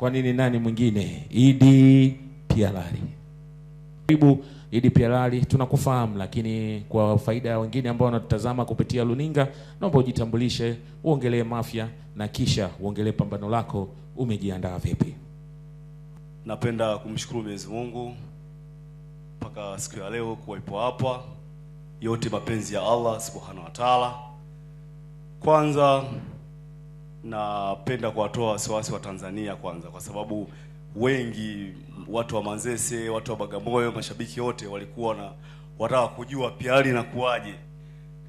kwa nini nani mwingine Idi Pialali. Karibu Idi Pialali, tunakufahamu lakini kwa faida ya wengine ambao wanatutazama kupitia luninga, naomba ujitambulishe, uongelee Mafia na kisha uongelee pambano lako, umejiandaa vipi? Napenda kumshukuru Mwenyezi Mungu mpaka siku ya leo kuwaipo hapa, yote mapenzi ya Allah subhanahu wa taala. Kwanza napenda kuwatoa wasiwasi wa Tanzania kwanza, kwa sababu wengi watu wa Manzese, watu wa Bagamoyo, mashabiki wote walikuwa na wataka kujua hali inakuwaje,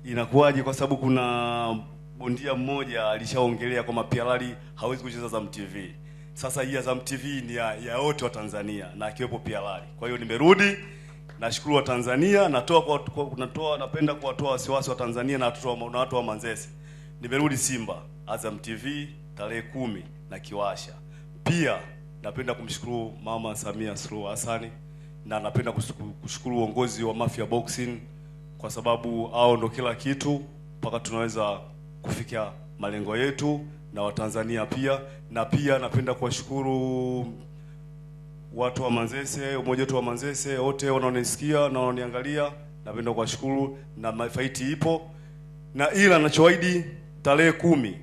inakuwaje, kwa sababu kuna bondia mmoja alishaongelea kwamba pialali hawezi kucheza Azam TV. Sasa hii Azam TV ni ya, ya wote wa Tanzania na akiwepo pialali Kwa hiyo nimerudi, nashukuru wa Tanzania, natoa kwa, kwa, natoa napenda kuwatoa wasiwasi wa Tanzania na watu wa Manzese. Nimerudi Simba. Azam TV tarehe kumi na kiwasha. Pia napenda kumshukuru Mama Samia Suluhu Hassan na napenda kushukuru uongozi wa Mafia Boxing kwa sababu hao ndo kila kitu mpaka tunaweza kufikia malengo yetu na Watanzania pia. Na pia napenda kuwashukuru watu wa Manzese, umoja wetu wa Manzese, wote wanaonisikia na wanaoniangalia, napenda kuwashukuru na mafaiti ipo na ila nachowaidi tarehe kumi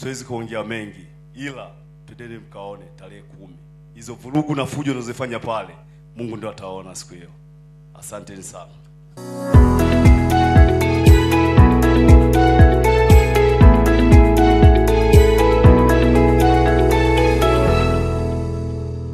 siwezi kuongea mengi, ila twendeni mkaone tarehe kumi hizo vurugu na fujo unazofanya pale, Mungu ndo ataona siku hiyo. Asanteni sana.